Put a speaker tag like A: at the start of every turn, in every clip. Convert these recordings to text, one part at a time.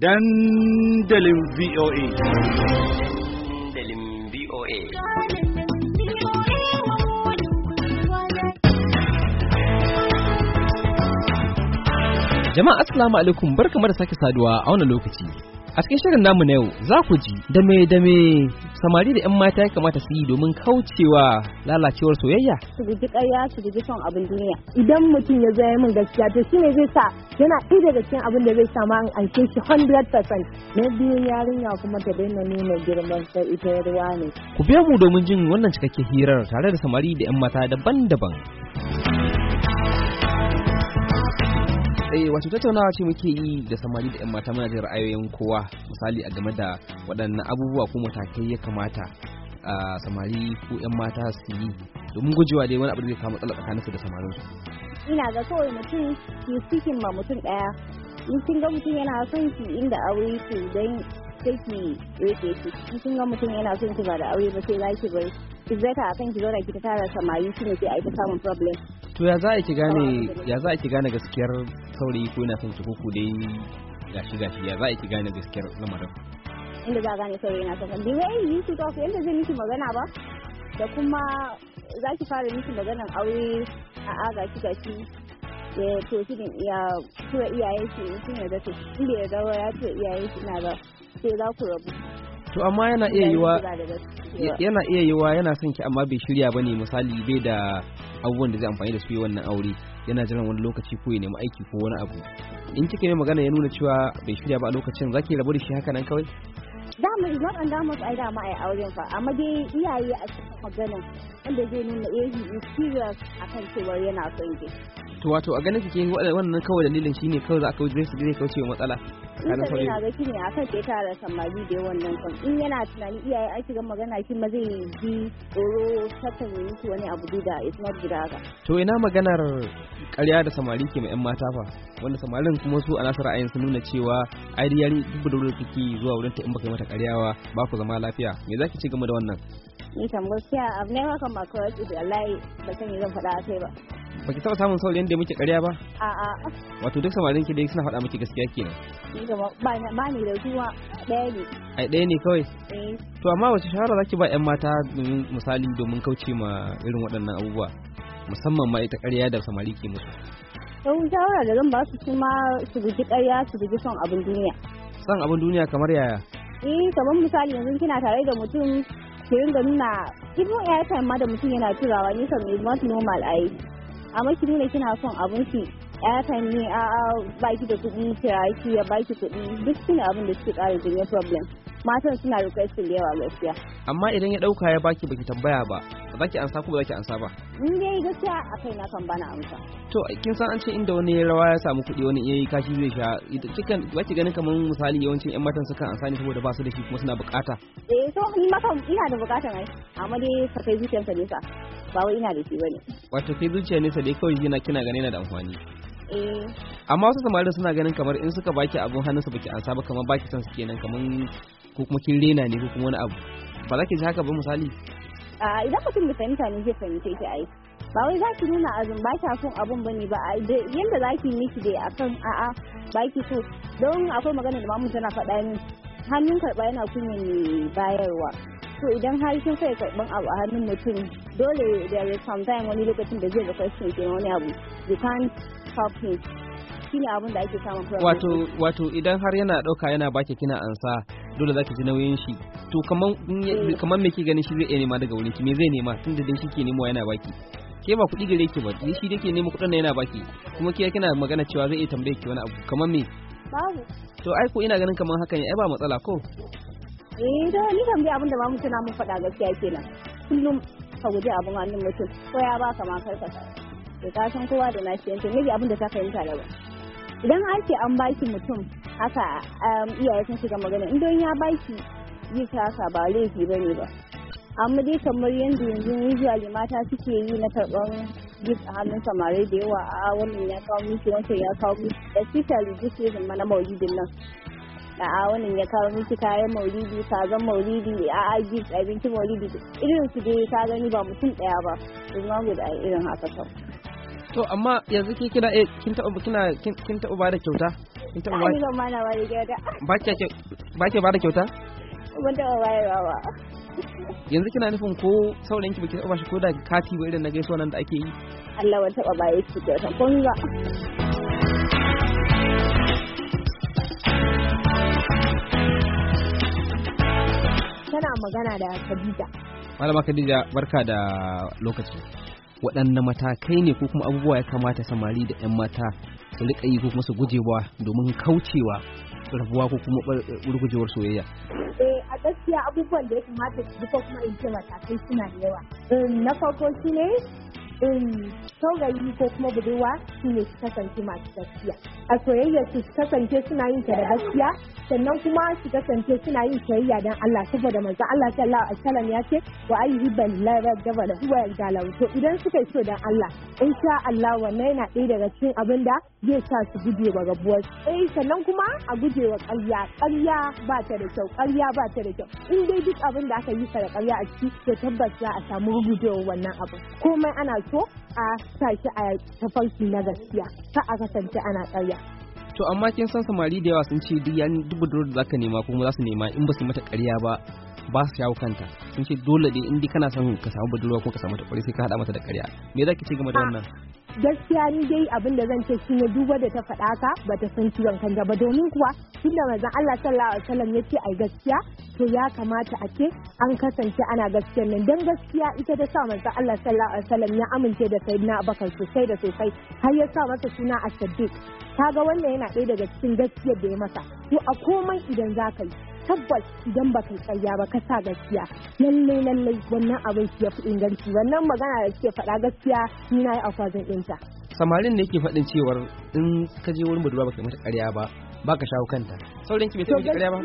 A: dandalin VOA. Dandalin Jama'a Assalamu alaikum barkamu da sake saduwa a wani lokaci. A cikin shirin namu na yau za ku ji dame dame samari da 'yan mata ya kamata su yi domin kaucewa lalacewar soyayya.
B: Su guji ƙarya su guji son abin duniya. Idan mutum ya zo min gaskiya to shi ne zai sa yana ɗaya daga cikin abin da zai sa ma an anke shi 100%. Na biyun yarinya kuma ta daina nuna girman sai ita ruwa ne.
A: Ku biya mu domin jin wannan cikakken hirar tare da samari da 'yan mata daban-daban. eh wato tattaunawa ce muke yi da samari da 'yan mata muna jin ra'ayoyin kowa misali a game da waɗannan abubuwa ko matakai ya kamata a samari ko 'yan mata su yi domin gujewa dai wani abu da zai kama matsala tsakanin su da samarin su
B: ina ga kawai mutum ki cikin ma mutum ɗaya in kin ga mutum yana son ki inda aure ki dan sai ki rike shi in kin ga mutum yana son ki ba da aure ba sai za ki bar ki zaka akan ki zauna ki ta tara samari shine sai a yi ta samun problem
A: to ya za a ki gane ya za a ki gane gaskiyar saurayi ko yana son ki dai gashi gashi ya za a ki gane gaskiyar lamarin
B: inda za a gane saurayi na son da wai yi su tafi inda zai miki magana ba da kuma za ki fara miki maganan aure a a gashi gashi ya to shi ya tura iyayen shi shi ne da to inda ya zawo ya tura iyayen shi na da sai za ku rabu
A: to amma yana iya yiwa yana iya yiwa yana son ki amma bai shirya ba ne misali bai da abubuwan da zai amfani da su wannan aure yana jiran wani lokaci ko ya nemi aiki ko wani abu in kika yi magana ya nuna cewa bai shirya ba a lokacin zaki rabu da shi haka nan kawai
B: mu is an under much aida ma ai auren fa amma dai iyaye a cikin magana wanda zai nuna eh he is serious akan cewa yana son ki
A: to wato a ganin kike wannan kawai dalilin shine kawai za ka wuce su zai kauce matsala kana sauri ina
B: ga shine akan sai ta da samari da wannan kan in yana tunani iyaye an shiga magana shi ma zai ji tsoro sata ne miki wani abu da is not good
A: to ina maganar ƙarya da samari ke mai yan mata fa wanda samarin kuma su a nasu ra'ayin su nuna cewa ai da yari duk da wurin kike zuwa wurin ta in baka yi mata ƙaryawa ba ku zama lafiya me za ki ci gama da wannan
B: ni kan gaskiya abu ne haka ma da wallahi ba san zan faɗa a kai ba
A: Ba ki taɓa samun saurayin yadda muke ƙarya ba? A'a. Wato duk samarin ki dai suna faɗa miki gaskiya kenan.
B: Ba ba da zuwa ɗaya ne.
A: Ai ɗaya ne kawai. Eh. To amma wace shawara zaki ba 'yan mata domin misali domin kauce ma irin waɗannan abubuwa musamman ma ita ƙarya da samari ke musu.
B: Yau shawara da zan ba su kuma su guji ƙarya su guji son abin duniya.
A: Son abin duniya kamar yaya?
B: Eh kamar misali yanzu kina tare da mutum ki ringa nuna even airtime ma da mutum yana turawa nisan is not normal ai. amma ki nuna kina son abin ki airtime ne a baki da kuɗi kira ki ya baki kuɗi duk shine abin da suke ƙara jirgin problem matan suna requesting da yawa gaskiya
A: amma idan ya dauka ya baki baki tambaya ba ba ki ansa ko ba ki ansa ba
B: in dai gaskiya a kai na kan bana amsa
A: to kin san an ce inda wani ya rawa ya samu kuɗi wani yayi kashi zai sha kikan ba ki ganin kaman misali yawancin yan matan sukan ansa ne saboda ba su da shi kuma suna bukata
B: eh to ni ma kan ina da bukata ai amma dai ka kai zuciyarka nesa ba wai ina da shi bane
A: wato kai zuciya nesa dai kawai yana kina ganin yana da amfani eh. amma wasu samarin suna ganin kamar in suka baki abun hannunsa baki ansa ba kamar baki san su kenan kamar ko kuma kin rena ne ko kuma wani abu ba za ki ji haka ba misali
B: a idan mutum bai fahimta ne zai fahimce ki ai ba wai za ki nuna azum ba ki son abun bane ba a yanda za ki miki dai akan a ba ki so don akwai magana da mamu tana faɗa ni hannun karɓa yana kunya ne bayarwa to idan har kin sai karɓan abu a hannun mutum dole da is sometime wani lokacin da zai requesting ke wani abu you can't help shi shine abun da ake samun wato
A: wato idan har yana ɗauka yana baki kina ansa dole za ka ji nauyin shi to kamar hmm. me ke ganin shi zai iya nema daga wurin ki me zai nema tun dai shi ke nemo yana baki ke ba kuɗi gare ki ba ne shi dake nemo kuɗin yana baki kuma ke kina magana cewa zai iya tambaye ki wani abu kamar me babu to ai ko ina ganin kamar haka ne ai ba matsala ko
B: eh da ni kan bi abin da ba mu tana mun faɗa gaskiya kenan kullum ka guji abin hannun mutum ko ya ba ka ma karka to ka san kowa da nashi yanzu ne abin da ta fahimta da ba idan an ce an baki mutum haka um, iyaye sun shiga magana in don ya baki yi kasa ba laifi ba ne ba amma dai kamar yadda yanzu usually mata suke yi na karɓar gift a hannun samari da yawa a wannan ya kawo miki wancan ya kawo miki especially this season mana maulidin nan a wannan ya kawo miki kayan maulidi kazan maulidi a a gift abinci maulidi irin su dai ka gani ba mutum daya ba kuma guda irin haka kawai
A: to amma yanzu ke kina eh kin taɓa kina kin taɓa ba da kyauta kin ba ba ba kyauta ba ke ba da kyauta
B: ban taɓa bayarwa ba
A: yanzu kina nufin ko saurayin ki baki taɓa shi ko da kati ba irin na gaisuwa nan da ake yi Allah ban taba bayar ki kyauta ko
B: ba tana magana da Khadija.
A: Malama Khadija barka da lokaci. Waɗanne matakai ne ko kuma abubuwa ya kamata samari da 'yan mata su rika yi ko kuma su gujewa domin kaucewa rabuwa ko kuma gurgujewar eh, soyayya
B: eh a gaskiya abubuwan da ya kamata su duka kuma in ce matakai suna da yawa eh, na farko ne. Eh, saurayi ko kuma budurwa su ne su kasance masu gaskiya a soyayya su kasance suna yin ta da gaskiya sannan kuma su kasance suna yin soyayya don Allah saboda manzo Allah sallallahu alaihi wasallam ya ce wa ayyuban la rajaba da huwa galau to idan suka yi so don Allah insha Allah wannan yana ɗaya daga cikin abin da zai sa su guje wa rabuwar eh sannan kuma a guje wa ƙarya ƙarya ba ta da kyau ƙarya ba ta da kyau in dai duk abin da aka yi sa da ƙarya a ciki to tabbas za a samu rubujewar wannan abin komai ana so a sa shi a tafarki na gaskiya ta a kasance ana ƙarya.
A: To amma kin san samari da yawa sun ce duk yan da da zaka nema kuma za su nema in ba su mata ƙarya ba ba su shawo kanta sun ce dole dai in kana son ka samu budurwa ko ka samu ta kwarai sai ka hada mata da ƙarya me zaki ce game da ah, wannan
B: gaskiya ni dai abin da zan ce ne duba da ta faɗa ka ba ta san ciwon kan ba domin kuwa tunda manzon Allah sallallahu alaihi wasallam yace ai gaskiya to ya kamata a ce an kasance ana gaskiya nan dan gaskiya ita da sa manzon Allah sallallahu alaihi wasallam ya amince da sayyidina Abubakar sosai da sosai har ya sa masa suna as-siddiq kaga wannan yana ɗaya daga cikin gaskiyar da ya masa to a komai idan zaka yi tabbas idan ba kai tsayya ba ka sa gaskiya lalle lalle wannan abin ya fi inganci wannan magana da suke faɗa gaskiya ni na yi afazin ɗinta.
A: samarin da yake faɗin cewar in ka je wurin budurwa ba yi mata ƙarya ba ba ka shawo kanta sauran ki bai taɓa mata ƙarya ba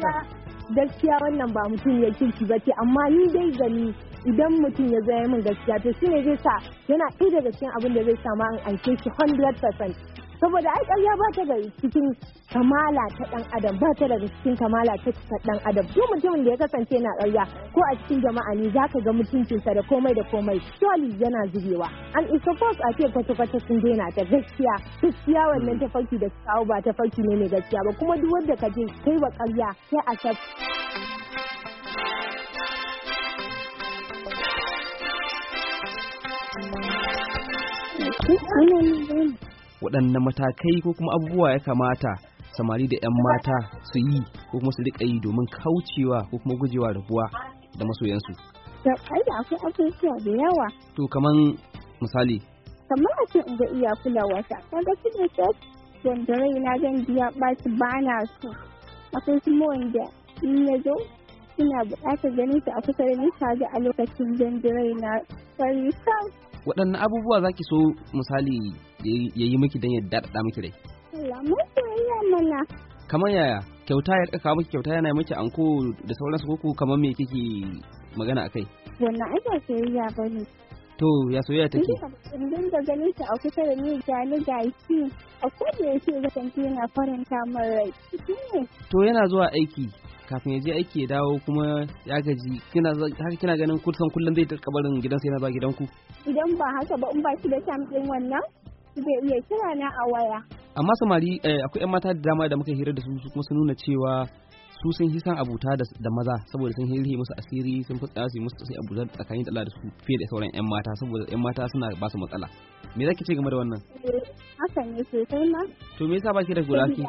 B: gaskiya wannan ba mutum ya kirki ba ce amma ni dai gani idan mutum ya zaya min gaskiya to shine zai sa yana ɗaya daga cikin abin da zai sa ma an anke shi 100% saboda ai ƙarya ba ta daga cikin kamala ta ɗan adam ba ta daga cikin kamala ta ɗan adam duk mutumin da ya kasance na ƙarya ko a cikin jama'a ne za ka ga mutuncinsa da komai da komai surely yana zubewa an isa force a ce kwata-kwata sun daina ta gaskiya gaskiya wannan tafarki da kawo ba tafarki ne mai gaskiya ba kuma duk wanda ka je kai wa ƙarya sai a sa Thank
A: you. waɗanne matakai ko kuma abubuwa ya kamata samari da 'yan mata su yi ko kuma su riƙa yi domin kaucewa ko kuma gujewa rabuwa da masoyansu.
B: akwai abubuwa da yawa.
A: To kaman misali.
B: Kamar a ce inda iya kula wata, kaga su ne dandare na zan biya ɓaci ba na so. Akwai mawan da in ya zo suna buƙatar ganin su a kusa da nisa ga a lokacin dandare na fari
A: Waɗanne abubuwa zaki so misali ya yi miki don ya daɗaɗa miki rai? mana. Kamar yaya? Kyauta ya ɗaka miki kyauta yana miki anko da sauransu koko kamar me kike magana a kai?
B: Wannan ai ba soyayya ba ne.
A: To ya soyayya take?
B: In da ganin ta a kusa da ni ga ni ga shi a ce yake kasance yana faranta min rai.
A: To yana zuwa aiki kafin ya je aiki ya dawo kuma ya gaji kina haka kina ganin kusan kullum zai tarka barin gidansa yana zuwa gidanku
B: idan ba haka ba in ba shi da sam din wannan zai iya kira na a waya
A: amma samari eh, akwai yan mata da dama da muka hira da su kuma sun nuna cewa su sun hi san abuta da maza saboda sun hirhe musu asiri sun fi tsaya su musu sai abuta tsakanin da da su fiye da sauran yan mata saboda yan mata suna ba su matsala me zaki ce game da wannan eh,
B: haka ne sosai ma
A: to me yasa ba ki da gura ki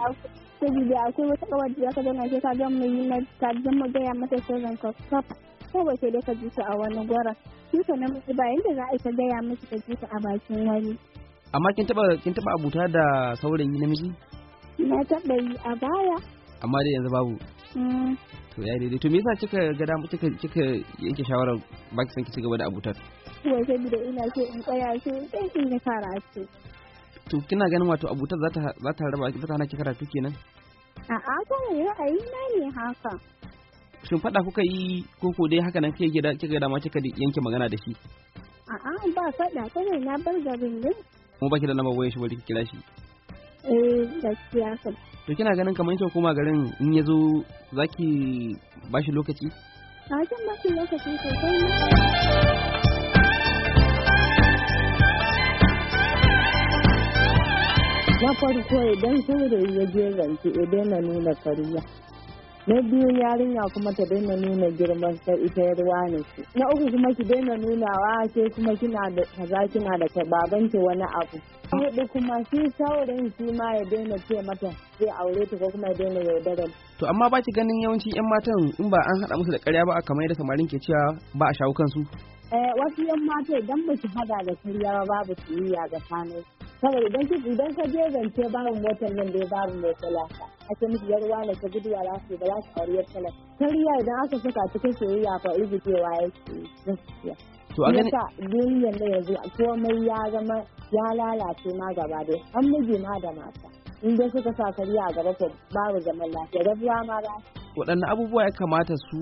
B: saboda akwai wata kawar da ka gana sai ka ga yi na ta ga mu ga mata sauran ka kap ko ba sai da ka ji su a wani gora shi ka mutu ba yanda za a ka ga ya miki ka ji su a bakin wani
A: amma kin taba kin taba abuta da saurayi namiji
B: na taba yi a baya
A: amma dai yanzu babu mm. to ya daidai to me yasa kika ga da kika kika yanke shawara ba ki san ki cigaba da abutar
B: wai da ina so in tsaya so sai in ga karatu
A: to kina ganin wato abutar za ta za ta raba za ta hana ki karatu kenan
B: a'a ko ra'ayi na ne haka
A: shin fada kuka yi ko ko dai haka nan kai ga kika ga dama kika yanke magana da shi
B: a'a ba fada kawai na bar garin ne
A: kuma baki da lambar wayar shi wani kira shi
B: eh
A: to kina ganin kamar yake koma garin in ya zo zaki bashi lokaci
B: a ba bashi lokaci sosai na farko idan saurayi ya je ki idan na nuna kariya na biyu yarinya kuma ta daina nuna girman ta ita yarwa ne na uku kuma ki daina nunawa ke kuma kina da kaza kina da baban ki wani abu hudu kuma shi saurayin shi ma ya daina ce mata zai aure ta ko kuma ya daina yaudarar
A: to amma ba ki ganin yawanci yan matan in ba an haɗa musu da karya ba kamar yadda samarin ke cewa ba a shawo kansu
B: eh, wasu yan matan idan ba su hada da karya ba babu ya ga sanai. saboda idan ka je zance babu motar nan dai babu mai talaka a ce miki yar wani ta gudu a lafi ba za su aure yar talar kariya idan aka saka cikin soyayya fa rigidewa ya gaskiya to a ganin duniyar da yanzu komai ya zama ya lalace ma gaba dai an miji ma da mata in dai suka sa kariya a gaba ta babu zaman lafiya rabuwa ma ba
A: waɗanne abubuwa ya kamata su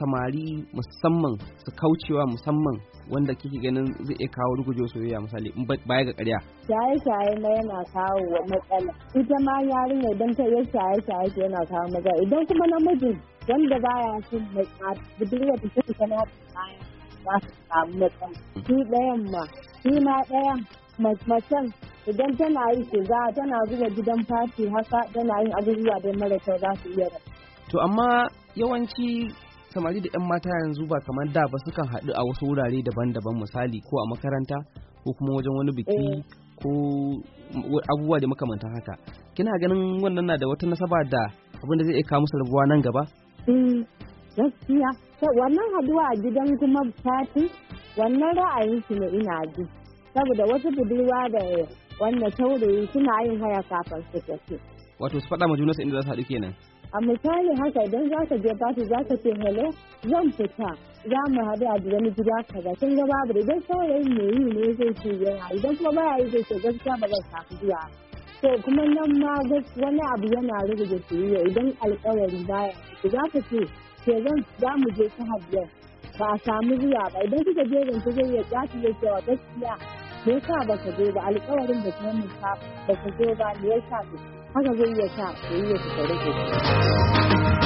A: samari musamman su kaucewa musamman wanda kike ganin zai iya kawo rugujo soyayya misali baya ga ƙarya.
B: Shaye-shaye na yana kawo wa matsala. Ita ma yarinya idan ta yi shaye-shaye yana kawo matsala. Idan kuma namijin wanda baya son mai budurwa ta take kana bayan za su samu matsala. Shi ɗayan ma, shi ma ɗayan macen idan tana yi shiga tana zuwa gidan fati haka tana yin abubuwa don mara kyau za su iya
A: To amma yawanci samari da 'yan mata yanzu ba kamar da ba sukan haɗu a wasu wurare daban-daban misali ko a makaranta ko kuma wajen wani biki eh. ko abubuwa da makamantan haka kina ganin wannan na da wata nasaba da abin da zai iya kawo musu rabuwa nan gaba
B: eh, gaskiya wannan haduwa a gidan kuma fati wannan ra'ayin su ne ina ji saboda wasu budurwa da wannan taurari suna yin haya kafin su tafi
A: wato su faɗa ma junansu inda za su haɗu kenan
B: a misali haka idan za ka je basu za ka ce hello zan fita za mu haɗu a wani gida kaza gaba ga da idan saurayin mai yi ne zai ce yana idan kuma baya yi zai ce gaskiya ba zai tafi zuwa to kuma nan ma wani abu yana rage rubuta soyayya idan alkawari baya za ka ce ke zan za mu je ta hajjiyar ba a samu zuwa ba idan kika je zan ta zai ya ce cewa gaskiya me yasa ba ka je ba alƙawarin da kuma mun ba ka zo ba me yasa ka 好像就越下，就越月走的立日。